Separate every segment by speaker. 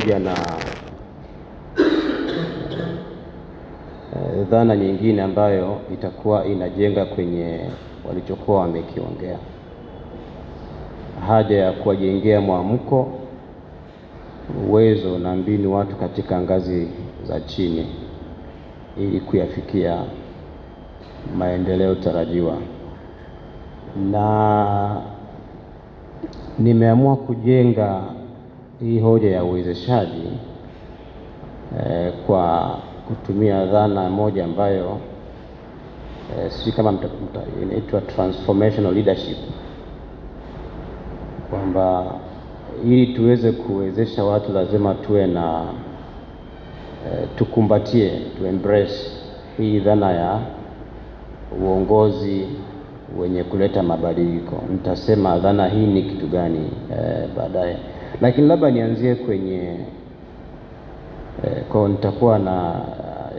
Speaker 1: kuja na eh, dhana nyingine ambayo itakuwa inajenga kwenye walichokuwa wamekiongea, haja ya kuwajengea mwamko, uwezo na mbinu watu katika ngazi za chini ili kuyafikia maendeleo tarajiwa, na nimeamua kujenga hii hoja ya uwezeshaji eh, kwa kutumia dhana moja ambayo eh, si kama inaitwa transformational leadership, kwamba ili tuweze kuwezesha watu lazima tuwe na eh, tukumbatie, tu embrace hii dhana ya uongozi wenye kuleta mabadiliko. Nitasema dhana hii ni kitu gani eh, baadaye. Lakini labda nianzie kwenye e, kwa nitakuwa na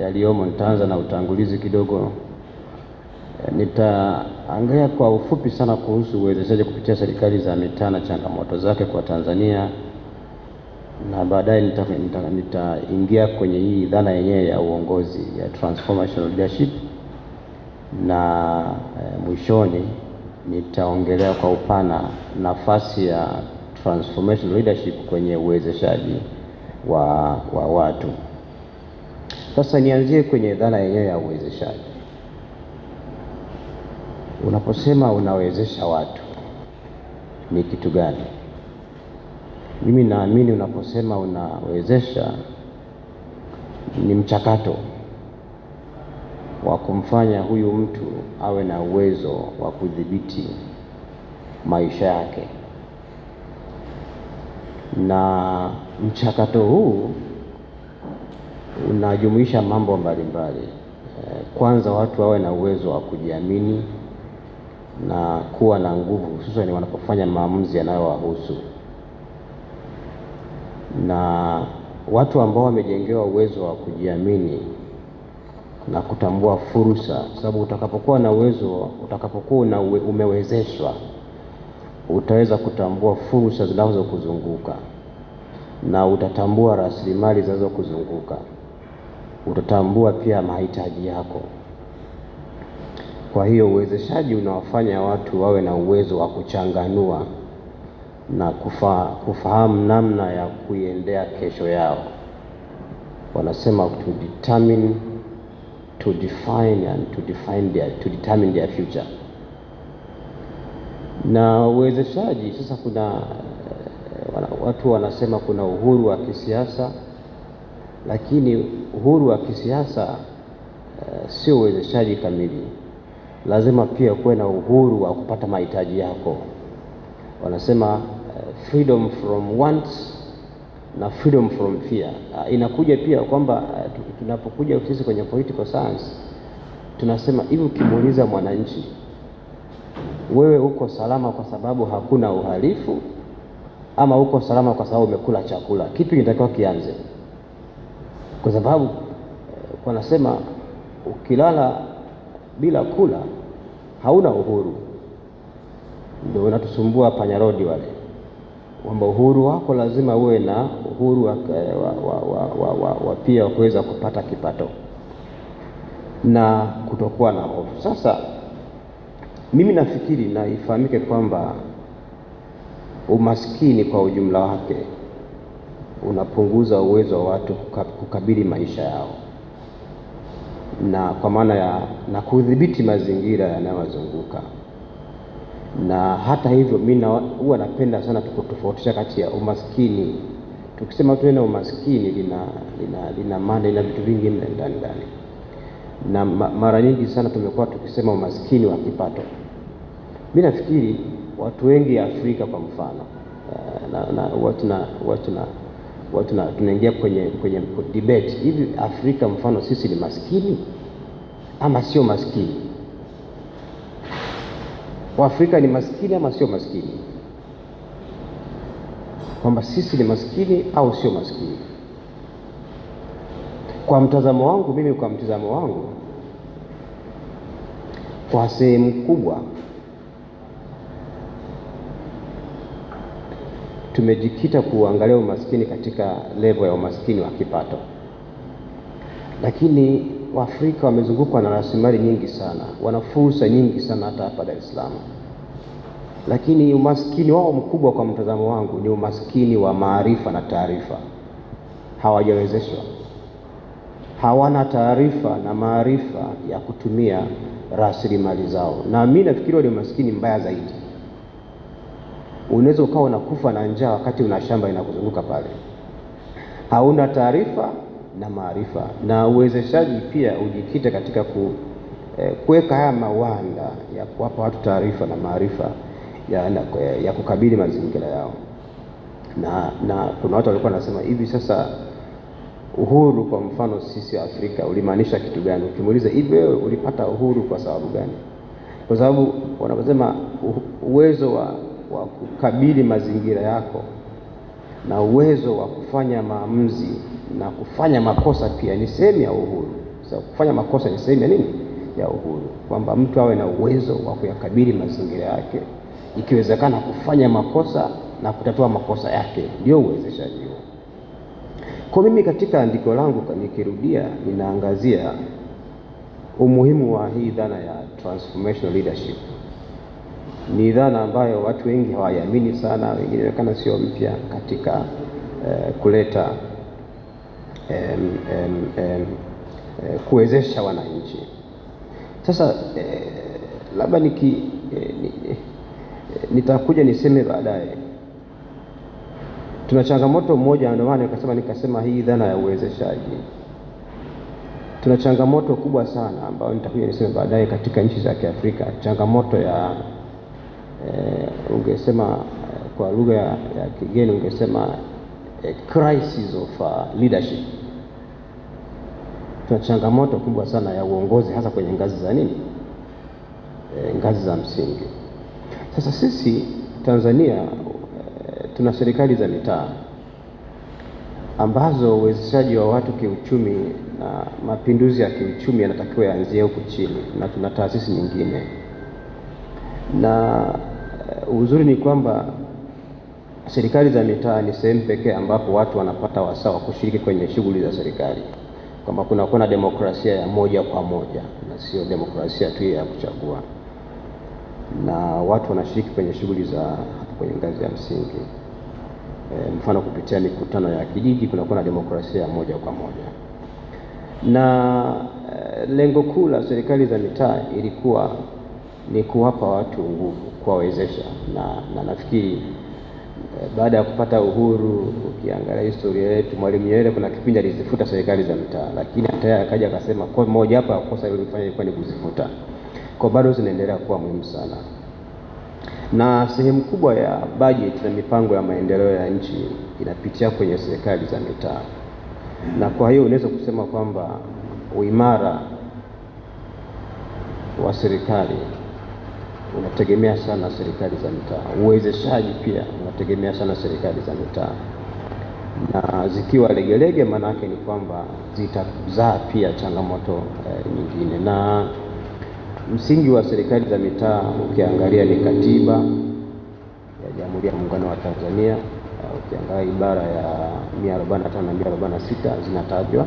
Speaker 1: yaliyomo, nitaanza na utangulizi kidogo. e, nitaangalia kwa ufupi sana kuhusu uwezeshaji kupitia serikali za mitaa na changamoto zake kwa Tanzania na baadaye nitaingia nita, nita kwenye hii dhana yenyewe ya uongozi ya transformational leadership na e, mwishoni nitaongelea kwa upana nafasi ya transformation leadership kwenye uwezeshaji wa, wa watu. Sasa nianzie kwenye dhana yenyewe ya uwezeshaji. Unaposema unawezesha watu ni kitu gani? Mimi naamini unaposema unawezesha ni mchakato wa kumfanya huyu mtu awe na uwezo wa kudhibiti maisha yake na mchakato huu unajumuisha mambo mbalimbali. Eh, kwanza, watu wawe na uwezo wa kujiamini na kuwa na nguvu, hususani wanapofanya maamuzi yanayowahusu. Na watu ambao wamejengewa uwezo wa kujiamini na kutambua fursa, sababu utakapokuwa na uwezo, utakapokuwa umewezeshwa utaweza kutambua fursa zinazokuzunguka na utatambua rasilimali zinazokuzunguka. Utatambua pia mahitaji yako. Kwa hiyo uwezeshaji unawafanya watu wawe na uwezo wa kuchanganua na kufa, kufahamu namna ya kuiendea kesho yao. Wanasema to determine, to define and to define their, to determine their future na uwezeshaji. Sasa kuna eh, watu wanasema kuna uhuru wa kisiasa, lakini uhuru wa kisiasa uh, sio uwezeshaji kamili. Lazima pia kuwe na uhuru wa kupata mahitaji yako. Wanasema uh, freedom from wants na freedom from fear. Uh, inakuja pia kwamba uh, tunapokuja sisi kwenye political science tunasema hivi, ukimuuliza mwananchi wewe uko salama kwa sababu hakuna uhalifu, ama uko salama kwa sababu umekula chakula? Kipi kinatakiwa kianze? Kwa sababu eh, wanasema ukilala bila kula hauna uhuru. Ndio unatusumbua panyarodi wale kwamba uhuru wako lazima uwe na uhuru wa, eh, wa, wa, wa, wa, wa pia wa kuweza kupata kipato na kutokuwa na hofu sasa mimi nafikiri na ifahamike kwamba umaskini kwa ujumla wake unapunguza uwezo wa watu kukabili maisha yao na kwa maana ya na kudhibiti mazingira yanayowazunguka na hata hivyo, mimi huwa napenda sana tukutofautisha kati ya umaskini. Tukisema tu neno umaskini lina lina lina maana ina vitu vingi ndani ndani, na mara nyingi sana tumekuwa tukisema umaskini wa kipato. Mi nafikiri watu wengi Afrika kwa mfano eh, na tunaingia kwenye kwenye debate hivi, Afrika mfano sisi ni maskini ama sio maskini? Waafrika ni maskini ama sio maskini? Kwamba sisi ni maskini au sio maskini? Kwa mtazamo wangu mimi, kwa mtazamo wangu, kwa sehemu kubwa tumejikita kuangalia umaskini katika levo ya umaskini wa kipato, lakini Waafrika wamezungukwa na rasilimali nyingi sana, wana fursa nyingi sana hata hapa Dar es Salaam, lakini umaskini wao mkubwa kwa mtazamo wangu ni umaskini wa maarifa na taarifa. Hawajawezeshwa, hawana taarifa na maarifa ya kutumia rasilimali zao, na mimi nafikiri ni umaskini mbaya zaidi. Unaweza ukawa unakufa na njaa wakati una shamba inakuzunguka pale, hauna taarifa na maarifa. Na uwezeshaji pia ujikite katika ku eh, kuweka haya mawanda ya kuwapa watu taarifa na maarifa ya, ya, ya kukabili mazingira yao, na na kuna watu walikuwa wanasema hivi sasa uhuru kwa mfano sisi Afrika ulimaanisha kitu gani? Ukimuuliza hivi, wewe ulipata uhuru kwa sababu gani? Kwa sababu wanaposema uwezo wa wa kukabili mazingira yako na uwezo wa kufanya maamuzi na kufanya makosa pia ni sehemu ya uhuru. Sasa kufanya makosa ni sehemu ya nini? Ya uhuru, kwamba mtu awe na uwezo wa kuyakabili mazingira yake, ikiwezekana kufanya makosa na kutatua makosa yake, ndio uwezeshaji huo. Kwa mimi katika andiko langu nikirudia, ninaangazia umuhimu wa hii dhana ya transformational leadership ni dhana ambayo watu wengi hawaiamini sana, wengine inaonekana sio mpya katika eh, kuleta em, em, em, eh, kuwezesha wananchi. Sasa eh, labda niki eh, eh, nitakuja niseme baadaye tuna changamoto moja, ndio maana nikasema nikasema hii dhana ya uwezeshaji. Tuna changamoto kubwa sana ambayo nitakuja niseme baadaye katika nchi za Kiafrika, changamoto ya eh, ungesema eh, kwa lugha ya kigeni ungesema a eh, crisis of uh, leadership. Tuna changamoto kubwa sana ya uongozi hasa kwenye ngazi za nini, e, ngazi za msingi. Sasa sisi Tanzania e, tuna serikali za mitaa ambazo uwezeshaji wa watu kiuchumi na mapinduzi ya kiuchumi yanatakiwa yaanzie huku chini, na tuna taasisi nyingine na Uh, uzuri ni kwamba serikali za mitaa ni sehemu pekee ambapo watu wanapata wasaa wa kushiriki kwenye shughuli za serikali, kwamba kunakuwa na demokrasia ya moja kwa moja na sio demokrasia tu ya kuchagua, na watu wanashiriki kwenye shughuli za kwenye ngazi ya msingi e, mfano kupitia mikutano ya kijiji kunakuwa na demokrasia ya moja kwa moja na eh, lengo kuu la serikali za mitaa ilikuwa ni kuwapa watu nguvu, kuwawezesha na, na nafikiri eh, baada ya kupata uhuru, ukiangalia historia yetu, Mwalimu Nyerere kuna kipindi alizifuta serikali za mtaa, lakini hata akaja akasema kwa moja hapa kosa lilifanya ilikuwa ni kuzifuta, kwa bado zinaendelea kuwa muhimu sana, na sehemu kubwa ya bajeti na mipango ya maendeleo ya nchi inapitia kwenye serikali za mitaa, na kwa hiyo unaweza kusema kwamba uimara wa serikali unategemea sana serikali za mitaa. Uwezeshaji pia unategemea sana serikali za mitaa, na zikiwa legelege, maana yake ni kwamba zitazaa pia changamoto eh, nyingine. Na msingi wa serikali za mitaa ukiangalia ni katiba ya Jamhuri ya Muungano wa Tanzania. Ukiangalia ibara ya 145 na 146 zinatajwa,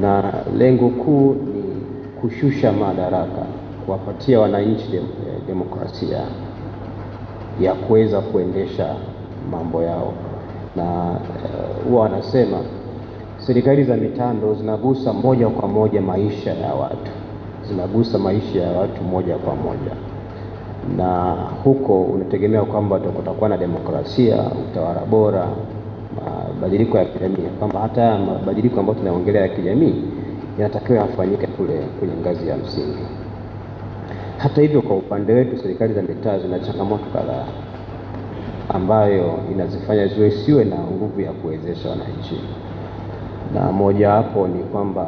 Speaker 1: na lengo kuu ni kushusha madaraka kuwapatia wananchi dem, eh, demokrasia ya kuweza kuendesha mambo yao, na eh, huwa eh, wanasema serikali za mitaa ndo zinagusa moja kwa moja maisha ya watu, zinagusa maisha ya watu moja kwa moja, na huko unategemea kwamba kutakuwa na demokrasia, utawala bora, mabadiliko ya kijamii, kwamba hata mabadiliko ambayo tunaongelea ya kijamii yanatakiwa yafanyike kule kwenye ngazi ya msingi. Hata hivyo, kwa upande wetu serikali za mitaa zina changamoto kadhaa ambayo inazifanya ziwe siwe na nguvu ya kuwezesha wananchi, na moja ni kwamba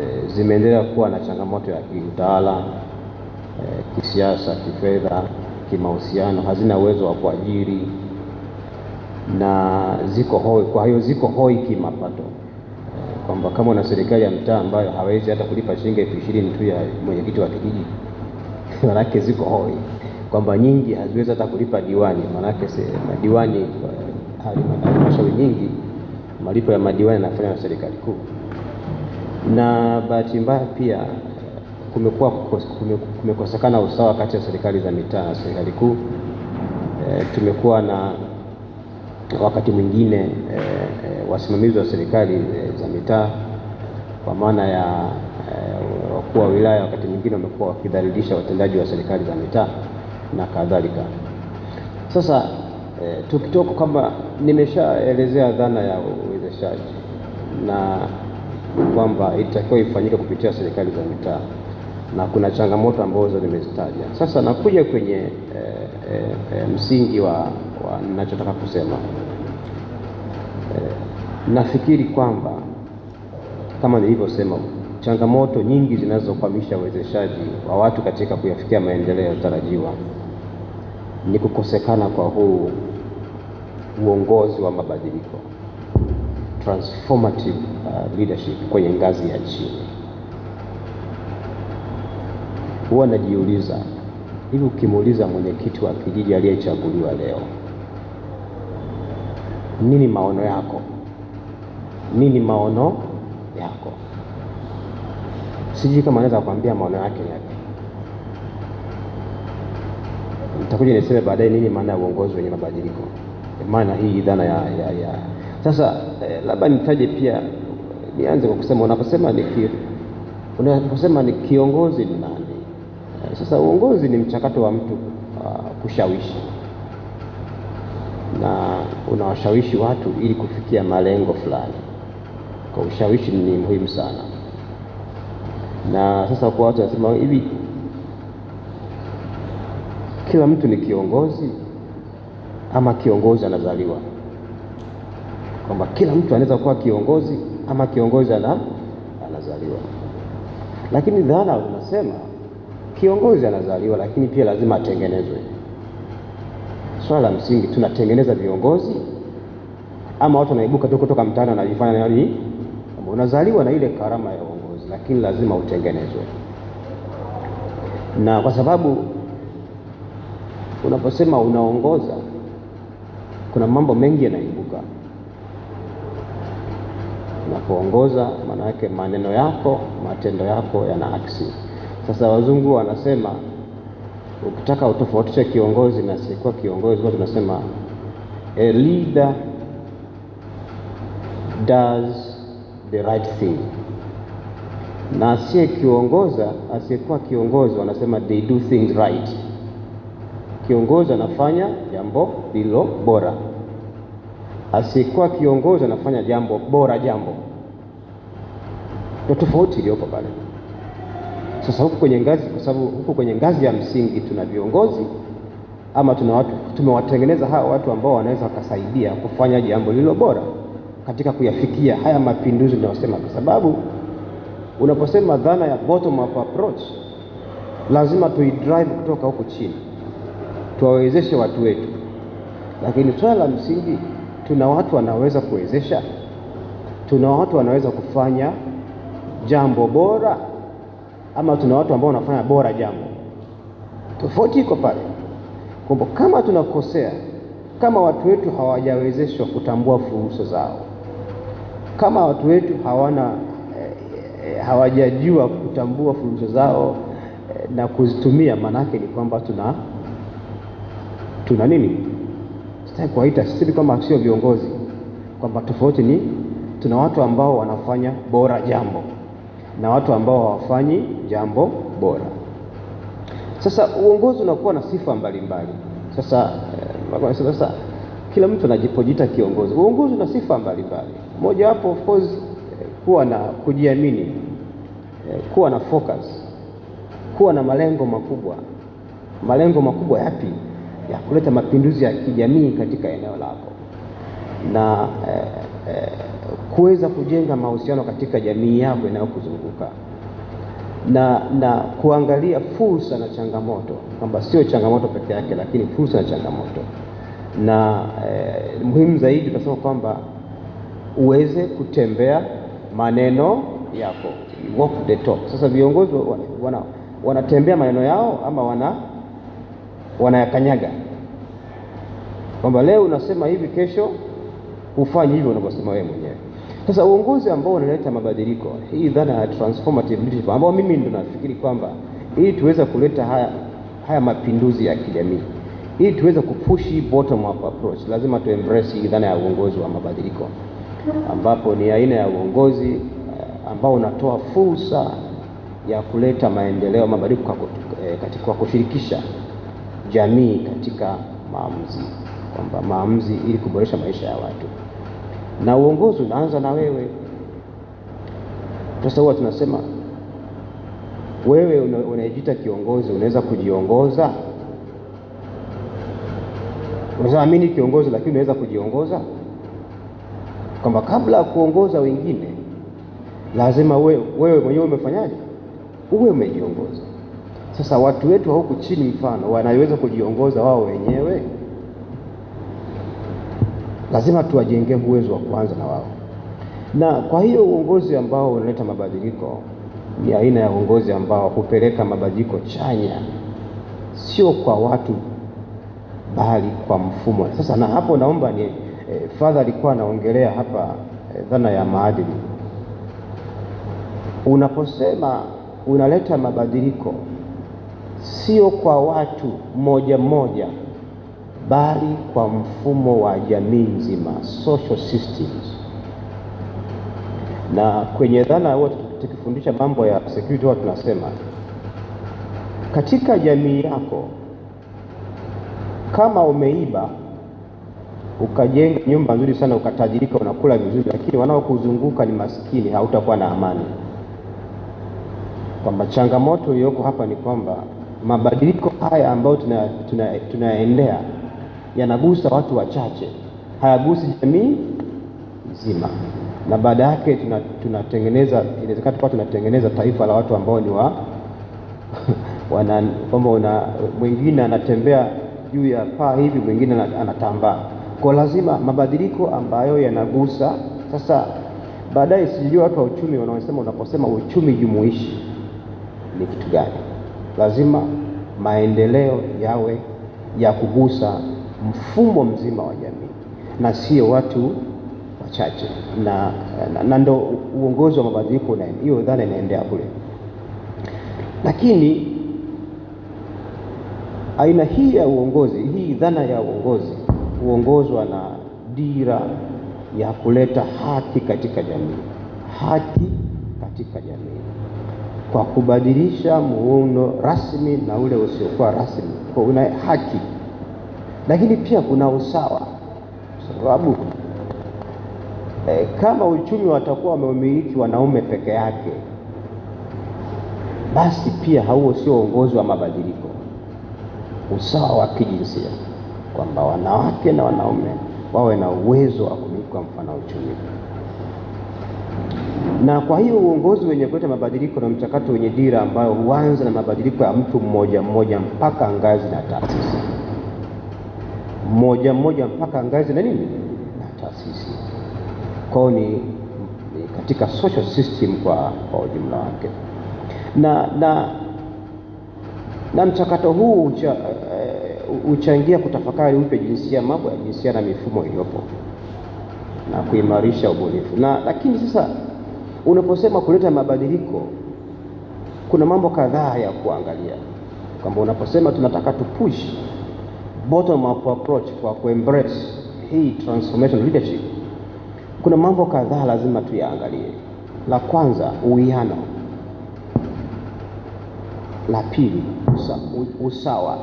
Speaker 1: e, zimeendelea kuwa na changamoto ya kiutawala e, kisiasa, kifedha, kimahusiano, hazina uwezo wa kuajiri na ziko hoi, kwa hiyo ziko hoi kimapato eh, kwamba kama una serikali ya mtaa ambayo hawezi hata kulipa shilingi elfu ishirini tu ya mwenyekiti wa kijiji manake ziko hoi, kwamba nyingi haziwezi hata kulipa diwani, manake madiwani eh, halmashauri nyingi malipo ya madiwani yanafanywa na serikali kuu, na bahati mbaya pia kumekuwa kumekosekana usawa kati ya serikali za mitaa na serikali kuu. E, tumekuwa na wakati mwingine e, e, wasimamizi wa serikali e, za mitaa kwa maana ya e, wakuu wa wilaya wakati mwingine wamekuwa wakidhalilisha watendaji wa serikali za mitaa na kadhalika. Sasa e, tukitoka kama nimeshaelezea dhana ya uwezeshaji na kwamba itakiwa ifanyike kupitia serikali za mitaa na kuna changamoto ambazo nimezitaja. Sasa nakuja kwenye e, e, msingi wa, wa ninachotaka kusema e, nafikiri kwamba kama nilivyosema changamoto nyingi zinazokwamisha uwezeshaji wa watu katika kuyafikia maendeleo yaliyotarajiwa ni kukosekana kwa huu uongozi wa mabadiliko transformative uh, leadership kwenye ngazi ya chini. Huwa najiuliza hivi, ukimuuliza mwenyekiti wa kijiji aliyechaguliwa leo, nini maono yako? Nini maono sijui kama anaweza kuambia maana yake yapi. Nitakuja niseme baadaye nini maana ya uongozi wenye mabadiliko, maana hii dhana ya, ya, ya. Sasa eh, labda nitaje pia, nianze kwa kusema unaposema ni unaposema ni kiongozi ni nani? Eh, sasa uongozi ni mchakato wa mtu uh, kushawishi na unawashawishi watu ili kufikia malengo fulani. Kwa ushawishi ni muhimu sana. Na sasa kwa watu wanasema hivi, kila mtu ni kiongozi ama kiongozi anazaliwa? Kwamba kila mtu anaweza kuwa kiongozi ama kiongozi ana anazaliwa. Lakini dhana unasema kiongozi anazaliwa, lakini pia lazima atengenezwe. Swala la msingi, tunatengeneza viongozi ama watu wanaibuka tu kutoka mtaani wanajifanya nani? Unazaliwa na ile karama ya lakini lazima utengenezwe, na kwa sababu unaposema unaongoza, kuna mambo mengi yanaibuka unapoongoza. Maana yake maneno yako, matendo yako yana aksi Sasa wazungu wanasema ukitaka utofautishe kiongozi na asiyekuwa kiongozi, huwa tunasema a leader does the right thing na asiyekiongoza asiyekuwa kiongozi, wanasema they do things right. Kiongozi anafanya jambo lilo bora, asiyekuwa kiongozi anafanya jambo bora. Jambo ndio tofauti iliyopo pale. Sasa huku kwenye ngazi, kwa sababu huku kwenye ngazi ya msingi tuna viongozi ama tuna watu, tumewatengeneza hawa watu ambao wanaweza wakasaidia kufanya jambo lilo bora katika kuyafikia haya mapinduzi tunayosema, kwa sababu Unaposema dhana ya bottom up approach, lazima tuidrive kutoka huku chini, tuwawezeshe watu wetu. Lakini swala la msingi, tuna watu wanaweza kuwezesha? Tuna watu wanaweza kufanya jambo bora, ama tuna watu ambao wanafanya bora jambo? Tofauti iko pale kwamba kama tunakosea, kama watu wetu hawajawezeshwa kutambua fursa zao, kama watu wetu hawana hawajajua kutambua fursa zao eh, na kuzitumia, maanake ni kwamba tuna tuna nini, sitaki kuwaita sisi kwamba sio viongozi, kwamba tofauti ni tuna watu ambao wanafanya bora jambo na watu ambao hawafanyi jambo bora. Sasa uongozi unakuwa na sifa mbalimbali mbali. Sasa, eh, sasa kila mtu anajipojita kiongozi. Uongozi una sifa mbalimbali, mojawapo of course kuwa na kujiamini, eh, kuwa na focus, kuwa na malengo makubwa. Malengo makubwa yapi? Ya kuleta mapinduzi ya kijamii katika eneo lako na eh, eh, kuweza kujenga mahusiano katika jamii yako inayokuzunguka na, na kuangalia fursa na changamoto kwamba sio changamoto peke yake, lakini fursa na changamoto. Na eh, muhimu zaidi tunasema kwamba uweze kutembea maneno yako, walk the talk. Sasa viongozi wana, wanatembea maneno yao ama wana wanayakanyaga, kwamba leo unasema hivi, kesho hufanyi hivyo unavyosema wewe mwenyewe. Sasa uongozi ambao unaleta mabadiliko, hii dhana ya transformative leadership ambao mimi ndo nafikiri kwamba ili tuweze kuleta haya, haya mapinduzi ya kijamii, ili tuweze kupushi bottom up approach, lazima embrace hii dhana ya uongozi wa mabadiliko ambapo ni aina ya uongozi eh, ambao unatoa fursa ya kuleta maendeleo, mabadiliko eh, katika kushirikisha jamii katika maamuzi, kwamba maamuzi ili kuboresha maisha ya watu, na uongozi unaanza na wewe. Sasa huwa tunasema wewe unayejiita kiongozi unaweza kujiongoza? amini kiongozi lakini unaweza kujiongoza? kwamba kabla ya kuongoza wengine lazima wewe we, mwenyewe umefanyaje? Uwe umejiongoza. Sasa watu wetu wa huku chini, mfano wanaweza kujiongoza wao wenyewe? Lazima tuwajengee uwezo wa kuanza na wao, na kwa hiyo uongozi ambao unaleta mabadiliko ni aina ya uongozi ambao hupeleka mabadiliko chanya, sio kwa watu bali kwa mfumo. Sasa na hapo naomba ni E, Father alikuwa anaongelea hapa e, dhana ya maadili. Unaposema unaleta mabadiliko sio kwa watu moja moja bali kwa mfumo wa jamii nzima, social systems. Na kwenye dhana huwa tukifundisha mambo ya security huwa tunasema katika jamii yako kama umeiba ukajenga nyumba nzuri sana ukatajirika, unakula vizuri, lakini wanaokuzunguka ni maskini, hautakuwa na amani. Kwamba changamoto iliyoko hapa ni kwamba mabadiliko haya ambayo tunayaendea tuna, tuna yanagusa watu wachache, hayagusi jamii nzima, na baada yake tunatengeneza tuna inawezekana tukawa tunatengeneza taifa la watu ambao ni wa kwamba mwingine anatembea juu ya paa hivi, mwingine anatambaa kwa lazima mabadiliko ambayo yanagusa sasa. Baadaye sijui watu wa uchumi wanaosema, unaposema uchumi jumuishi ni kitu gani? Lazima maendeleo yawe ya kugusa mfumo mzima wa jamii na sio watu wachache, na, na, na ndo uongozi wa mabadiliko na hiyo dhana inaendea kule, lakini aina hii ya uongozi, hii dhana ya uongozi huongozwa na dira ya kuleta haki katika jamii, haki katika jamii kwa kubadilisha muundo rasmi na ule usiokuwa rasmi. Kwa una haki, lakini pia kuna usawa, sababu eh, kama uchumi watakuwa wameumiliki wanaume peke yake, basi pia hauo sio uongozi wa mabadiliko, usawa wa kijinsia kwamba wanawake na wanaume wawe na uwezo wa kumiliki mfano wa uchumi. Na kwa hiyo uongozi wenye kuleta mabadiliko na mchakato wenye dira ambayo huanza na mabadiliko ya mtu mmoja mmoja mpaka ngazi na taasisi, mmoja mmoja mpaka ngazi na nini na taasisi. Kwao ni, ni katika social system kwa kwa ujumla wake na na na mchakato huu cha huchangia kutafakari upya jinsia, mambo ya jinsia na mifumo iliyopo na kuimarisha ubunifu. Na lakini sasa unaposema kuleta mabadiliko, kuna mambo kadhaa ya kuangalia, kwamba unaposema tunataka tupush bottom up approach kwa kuembrace hii transformation leadership, kuna mambo kadhaa lazima tuyaangalie. La kwanza uwiano, la pili usa, usawa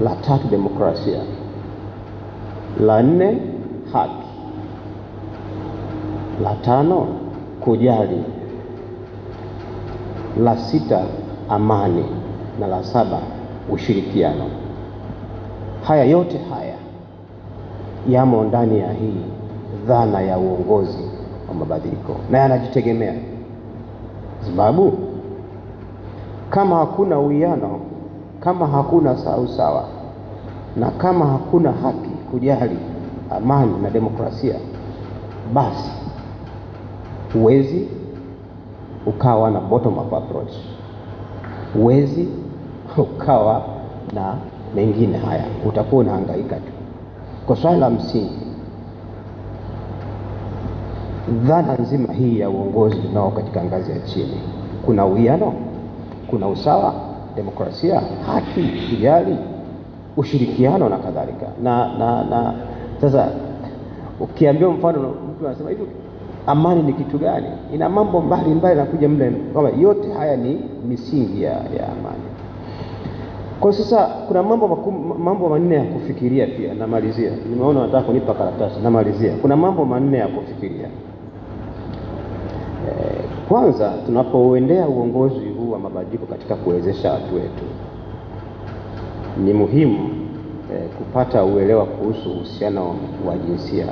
Speaker 1: la tatu demokrasia, la nne haki, la tano kujali, la sita amani na la saba ushirikiano. Haya yote haya yamo ndani ya hii dhana ya uongozi wa mabadiliko na yanajitegemea, sababu kama hakuna uwiano kama hakuna usawa na kama hakuna haki, kujali, amani na demokrasia, basi huwezi ukawa na bottom up approach, huwezi ukawa na mengine haya, utakuwa unahangaika tu. Kwa swala la msingi, dhana nzima hii ya uongozi tunao katika ngazi ya chini, kuna uwiano, kuna usawa demokrasia, haki, kijali, ushirikiano na kadhalika. Na na na sasa ukiambiwa mfano mtu anasema hivi, amani ni kitu gani? Ina mambo mbalimbali nakuja mle, kwamba yote haya ni misingi ya, ya amani. Kwa sasa kuna mambo maku, mambo manne ya kufikiria pia, namalizia. Nimeona nataka kunipa karatasi, namalizia. Kuna mambo manne ya kufikiria. E, kwanza tunapouendea uongozi wa mabadiliko katika kuwezesha watu wetu. Ni muhimu eh, kupata uelewa kuhusu uhusiano wa jinsia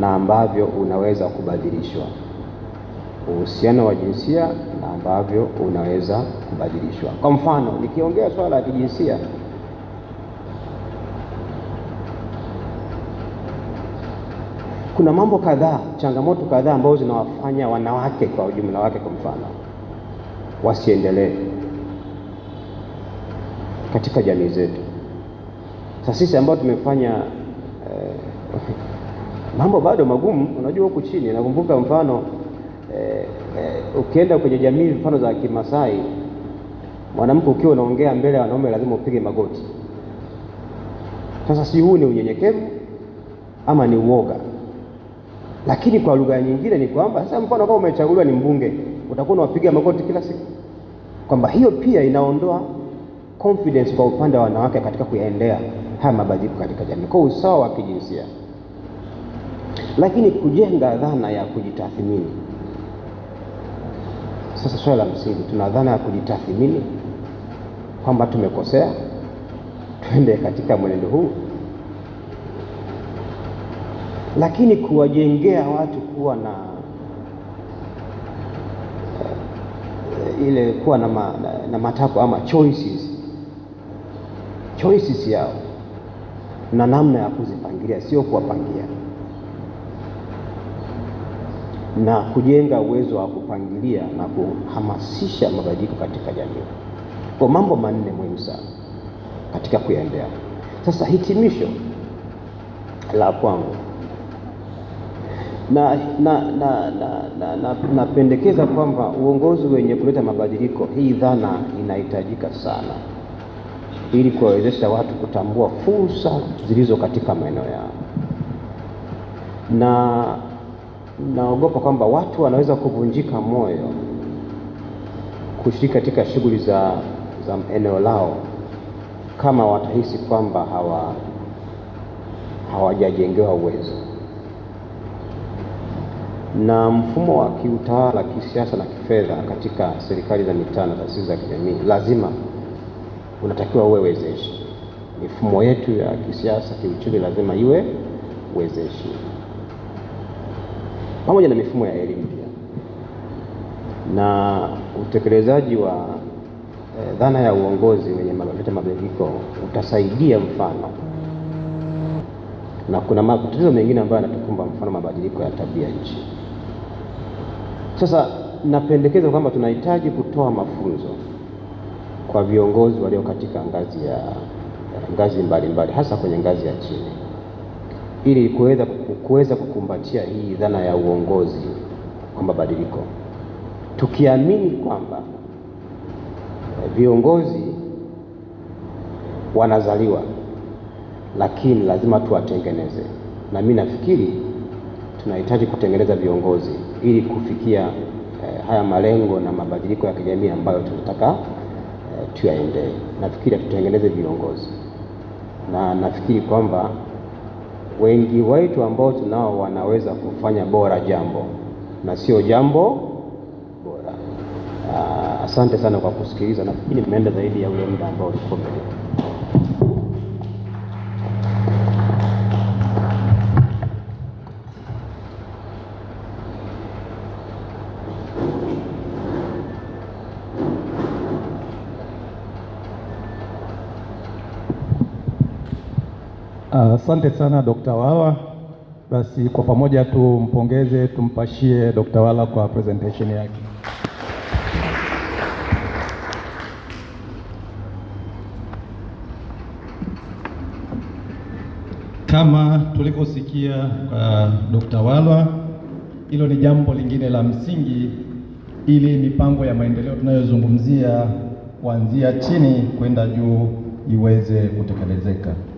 Speaker 1: na ambavyo unaweza kubadilishwa, uhusiano wa jinsia na ambavyo unaweza kubadilishwa. Kwa mfano, nikiongea swala la kijinsia kuna mambo kadhaa, changamoto kadhaa ambazo zinawafanya wanawake kwa ujumla wake, kwa mfano wasiendelee katika jamii zetu. Sasa sisi ambao tumefanya eh, mambo bado magumu, unajua huku chini. Nakumbuka mfano eh, eh, ukienda kwenye jamii mfano za Kimasai, mwanamke ukiwa unaongea mbele ya wanaume lazima upige magoti. Sasa si huu ni unyenyekevu ama ni uoga? Lakini kwa lugha nyingine ni kwamba sasa, mfano kama umechaguliwa ni mbunge utakuwa unawapiga magoti kila siku, kwamba hiyo pia inaondoa confidence kwa upande wa wanawake katika kuyaendea haya mabadiliko katika jamii kwa usawa wa kijinsia. Lakini kujenga dhana ya kujitathmini, sasa swala la msingi, tuna dhana ya kujitathmini kwamba tumekosea, tuende katika mwenendo huu, lakini kuwajengea watu kuwa na ile kuwa na, ma, na, na matakwa ama choices choices yao na namna ya kuzipangilia, sio kuwapangia na kujenga uwezo wa kupangilia na kuhamasisha mabadiliko katika jamii. Kwa mambo manne muhimu sana katika kuendea Sasa hitimisho la kwangu na na na na na, na kwamba uongozi wenye kuleta mabadiliko, hii dhana inahitajika sana, ili kuwawezesha watu kutambua fursa zilizo katika maeneo yao, na naogopa kwamba watu wanaweza kuvunjika moyo kushiriki katika shughuli za, za eneo lao kama watahisi kwamba hawa hawajajengewa uwezo na mfumo wa kiutawala, kisiasa na kifedha katika serikali za mitaa na taasisi za kijamii lazima unatakiwa uwe wezeshi. Mifumo yetu ya kisiasa, kiuchumi lazima iwe wezeshi, pamoja na mifumo ya elimu pia, na utekelezaji wa eh, dhana ya uongozi wenye mabadiliko mabadiliko utasaidia mfano na kuna matatizo mengine ambayo yanatukumba, mfano mabadiliko ya tabia nchi. Sasa napendekeza kwamba tunahitaji kutoa mafunzo kwa viongozi walio katika ngazi ya ngazi mbalimbali mbali, hasa kwenye ngazi ya chini ili kuweza kuweza kukumbatia hii dhana ya uongozi kwa mabadiliko, tukiamini kwamba eh, viongozi wanazaliwa, lakini lazima tuwatengeneze, na mimi nafikiri tunahitaji kutengeneza viongozi ili kufikia eh, haya malengo na mabadiliko ya kijamii ambayo tunataka eh, tuyaendee. Nafikiri tutengeneze viongozi, na nafikiri kwamba wengi wetu ambao tunao wanaweza kufanya bora jambo na sio jambo bora. Aa, ah, asante sana kwa kusikiliza. Nafikiri nimeenda zaidi ya ule muda ambao ulikuwa
Speaker 2: Asante sana Dr. Wala. Basi kwa pamoja tumpongeze, tumpashie Dr. Wala kwa presentation yake. Kama tulivyosikia kwa Dr. Walwa, hilo ni jambo lingine la msingi, ili mipango ya maendeleo tunayozungumzia kuanzia chini kwenda juu iweze kutekelezeka.